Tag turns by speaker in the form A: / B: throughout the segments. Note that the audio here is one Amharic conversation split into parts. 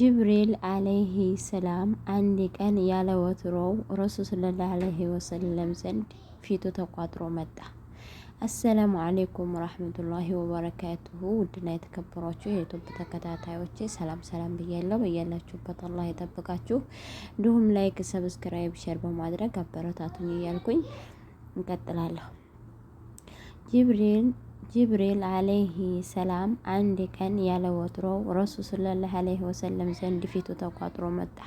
A: ጅብሪል አለይሂ ሰላም አንድ ቀን ያለ ወትሮው ረሱል ሰለላሁ ዐለይሂ ወሰለም ዘንድ ፊቱ ተቋጥሮ መጣ። አሰላሙ አለይኩም ወራህመቱላሂ ወበረካቱሁ። ውድና የተከበሯችሁ የዩቱብ ተከታታዮች ሰላም ሰላም ብያለሁ። እያላችሁበት አላህ የጠብቃችሁ። እንዲሁም ላይክ፣ ሰብስክራይብ፣ ሼር በማድረግ አበረታቱኝ እያልኩኝ እንቀጥላለሁ። ጅብሪል ጅብሪል ዓለይሂ ሰላም አንድ ቀን ያለ ወትሮው ረሱል ሰለላሁ ዓለይሂ ወሰለም ዘንድ ፊቱ ተቋጥሮ መጣ።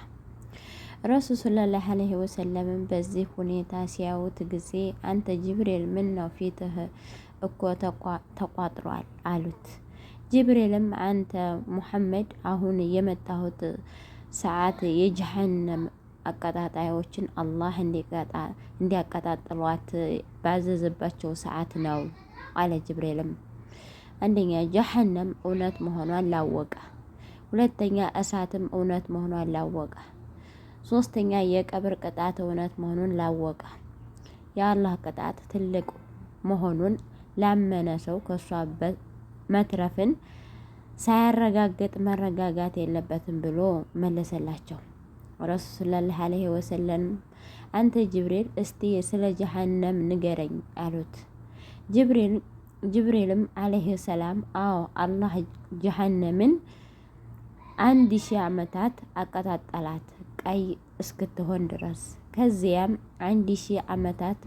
A: ረሱ ሰለላሁ አለይህ ወሰለምም በዚህ ሁኔታ ሲያዩት ጊዜ አንተ ጅብሪል ምን ነው ፊትህ እኮ ተቋጥሯል? አሉት። ጅብሪልም አንተ ሙሐመድ አሁን የመጣሁት ሰዓት የጀሀነም አቀጣጣዮችን አላህ እንዲያቀጣጥሏት ባዘዘባቸው ሰዓት ነው አለ ጅብሪልም። አንደኛ ጀሀነም እውነት መሆኗን ላወቀ፣ ሁለተኛ እሳትም እውነት መሆኗን ላወቀ፣ ሶስተኛ የቀብር ቅጣት እውነት መሆኑን ላወቀ፣ የአላህ ቅጣት ትልቅ መሆኑን ላመነ ሰው ከሷ መትረፍን ሳያረጋግጥ መረጋጋት የለበትም ብሎ መለሰላቸው። ረሱል ሰለላሁ ዐለይሂ ወሰለም አንተ ጅብሪል እስቲ ስለ ጀሀነም ንገረኝ አሉት። ጅብሪልም ዓለይሂ ሰላም አዎ አላህ ጀሀነምን አንድ ሺህ ዓመታት አቀጣጠላት ቀይ እስክትሆን ድረስ ከዚያም አንድ ሺህ ዓመታት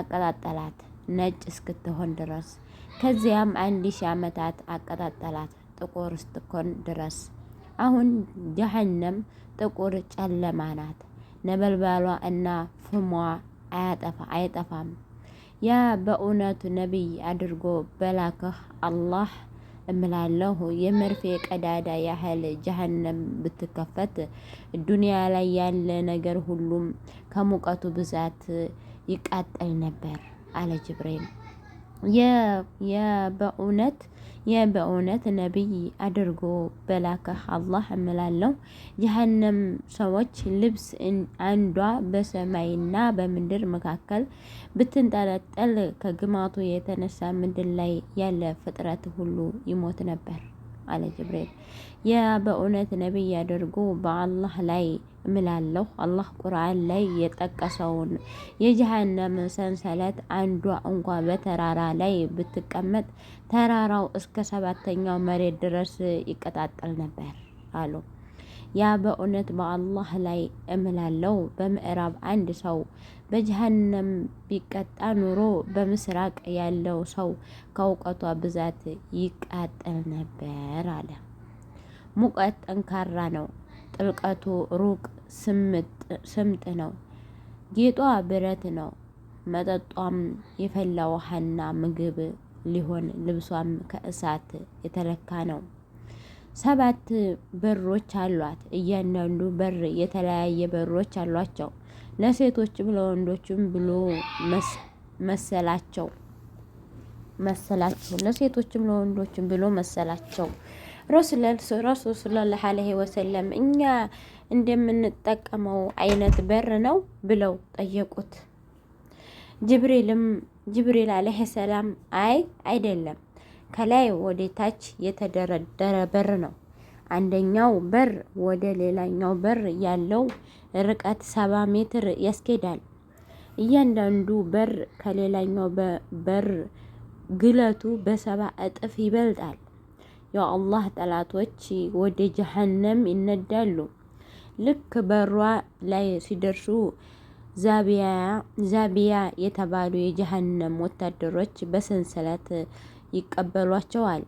A: አቀጣጠላት ነጭ እስክትሆን ድረስ ከዚያም አንድ ሺህ ዓመታት አቀጣጠላት ጥቁር እስክትሆን ድረስ። አሁን ጀሀነም ጥቁር ጨለማ ናት። ነበልባሏ እና ፍሟ አይጠፋም። ያ በእውነቱ ነቢይ አድርጎ በላከህ አላህ እምላለሁ የመርፌ ቀዳዳ ያህል ጀሀነም ብትከፈት ዱንያ ላይ ያለ ነገር ሁሉም ከሙቀቱ ብዛት ይቃጠል ነበር አለ ጅብሪል የበእውነት የበእውነት ነቢይ አድርጎ በላከህ አላህ እምላለሁ። ጀሀነም ሰዎች ልብስ አንዷ በሰማይና በምድር መካከል ብትንጠለጠል ከግማቱ የተነሳ ምድር ላይ ያለ ፍጥረት ሁሉ ይሞት ነበር አለ ጅብሪል። የበእውነት ነቢይ አድርጎ በአላህ ላይ እምላለሁ አላህ ቁርአን ላይ የጠቀሰውን የጀሃነም ሰንሰለት አንዷ እንኳ በተራራ ላይ ብትቀመጥ ተራራው እስከ ሰባተኛው መሬት ድረስ ይቀጣጠል ነበር አሉ። ያ በእውነት በአላህ ላይ እምላለው። በምዕራብ አንድ ሰው በጀሃነም ቢቀጣ ኑሮ በምስራቅ ያለው ሰው ከእውቀቷ ብዛት ይቃጠል ነበር አለ። ሙቀት ጠንካራ ነው። ጥልቀቱ ሩቅ ስምጥ ነው። ጌጧ ብረት ነው። መጠጧም የፈላ ውሃና ምግብ ሊሆን ልብሷም ከእሳት የተለካ ነው። ሰባት በሮች አሏት። እያንዳንዱ በር የተለያየ በሮች አሏቸው። ለሴቶችም ለወንዶችም ብሎ መሰላቸው መሰላቸው ለሴቶችም ለወንዶችም ብሎ መሰላቸው። ረሱል ሰለላሁ ዐለይሂ ወሰለም እኛ እንደምንጠቀመው አይነት በር ነው ብለው ጠየቁት። ጅብሪልም ጅብሪል አለይሂ ሰላም አይ አይደለም፣ ከላይ ወደ ታች የተደረደረ በር ነው። አንደኛው በር ወደ ሌላኛው በር ያለው ርቀት ሰባ ሜትር ያስኬዳል። እያንዳንዱ በር ከሌላኛው በር ግለቱ በሰባ እጥፍ ይበልጣል። የአላህ ጠላቶች ወደ ጀሀነም ይነዳሉ። ልክ በሯ ላይ ሲደርሱ ዛቢያ የተባሉ የጀሀነም ወታደሮች በሰንሰለት ይቀበሏቸዋል።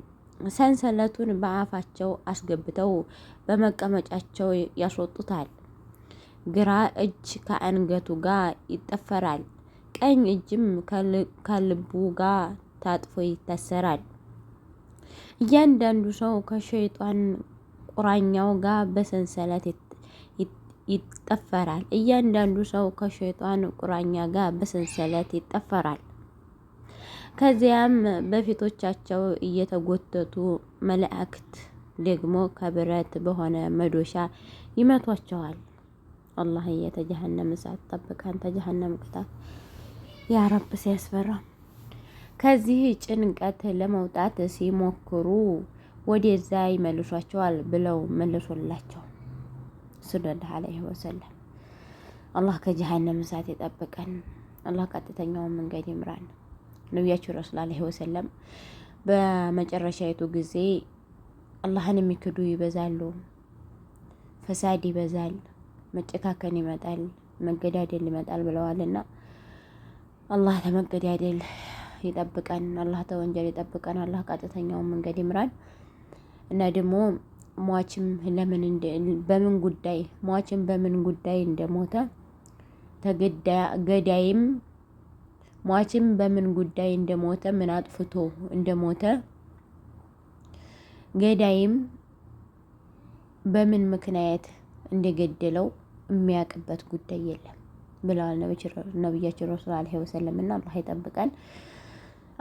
A: ሰንሰለቱን በአፋቸው አስገብተው በመቀመጫቸው ያስወጡታል። ግራ እጅ ከአንገቱ ጋር ይጠፈራል። ቀኝ እጅም ከልቡ ጋር ታጥፎ ይታሰራል። እያንዳንዱ ሰው ከሸይጧን ቁራኛው ጋር በሰንሰለት ይጠፈራል። እያንዳንዱ ሰው ከሸይጧን ቁራኛ ጋር በሰንሰለት ይጠፈራል። ከዚያም በፊቶቻቸው እየተጎተቱ መላእክት ደግሞ ከብረት በሆነ መዶሻ ይመቷቸዋል። አላህ የተጀሃነም እሳት ጠብቀን፣ ተጀሃነም ቅጣት ያረብ ሲያስፈራ ከዚህ ጭንቀት ለመውጣት ሲሞክሩ ወደዛ ይመልሷቸዋል ብለው መልሶላቸው ሰለላሁ ዐለይሂ ወሰለም። አላህ ከጀሃነም እሳት የጠበቀን አላህ ቀጥተኛውን መንገድ ይምራን። ነቢያቸው ረሱል ዐለይሂ ወሰለም በመጨረሻይቱ ጊዜ አላህን የሚክዱ ይበዛሉ፣ ፈሳድ ይበዛል፣ መጨካከን ይመጣል፣ መገዳደል ይመጣል ብለዋልና አላህ ለመገዳደል ይጠብቀን፣ አላህ ተወንጀል ይጠብቀን፣ አላህ ቀጥተኛውን መንገድ ይምራን እና ደግሞ ሟችም ለምን በምን ጉዳይ ሟችም በምን ጉዳይ እንደሞተ ገዳይም ሟችም በምን ጉዳይ እንደሞተ ምን አጥፍቶ እንደሞተ ገዳይም በምን ምክንያት እንደገደለው የሚያውቅበት ጉዳይ የለም ብለዋል ነብያችን ረሱል አለይሂ ወሰለም እና አላህ ይጠብቀን።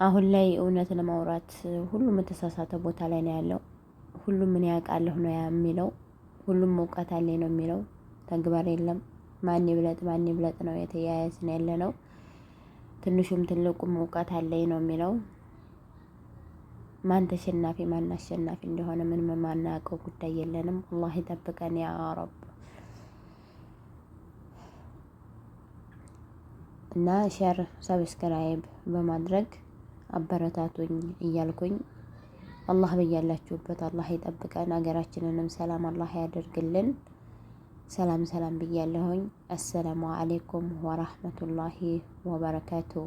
A: አሁን ላይ እውነት ለማውራት ሁሉም የተሳሳተ ቦታ ላይ ነው ያለው። ሁሉም ምን ያውቃለሁ ነው የሚለው። ሁሉም እውቀት አለኝ ነው የሚለው። ተግባር የለም። ማን ይብለጥ ማን ይብለጥ ነው የተያያዝን ያለ ነው። ትንሹም ትልቁም እውቀት አለኝ ነው የሚለው። ማን ተሸናፊ ማን አሸናፊ እንደሆነ ምንም የማናውቀው ጉዳይ የለንም። አላህ ይጠብቀን ያ ረብ። እና ሸር ሰብስክራይብ በማድረግ አበረታቱኝ እያልኩኝ አላህ በያላችሁበት አላህ ይጠብቀን። ሀገራችንንም ሰላም አላህ ያደርግልን። ሰላም ሰላም ብያለሁኝ። አሰላሙ አሌይኩም ወራህመቱላሂ ወበረካቱሁ።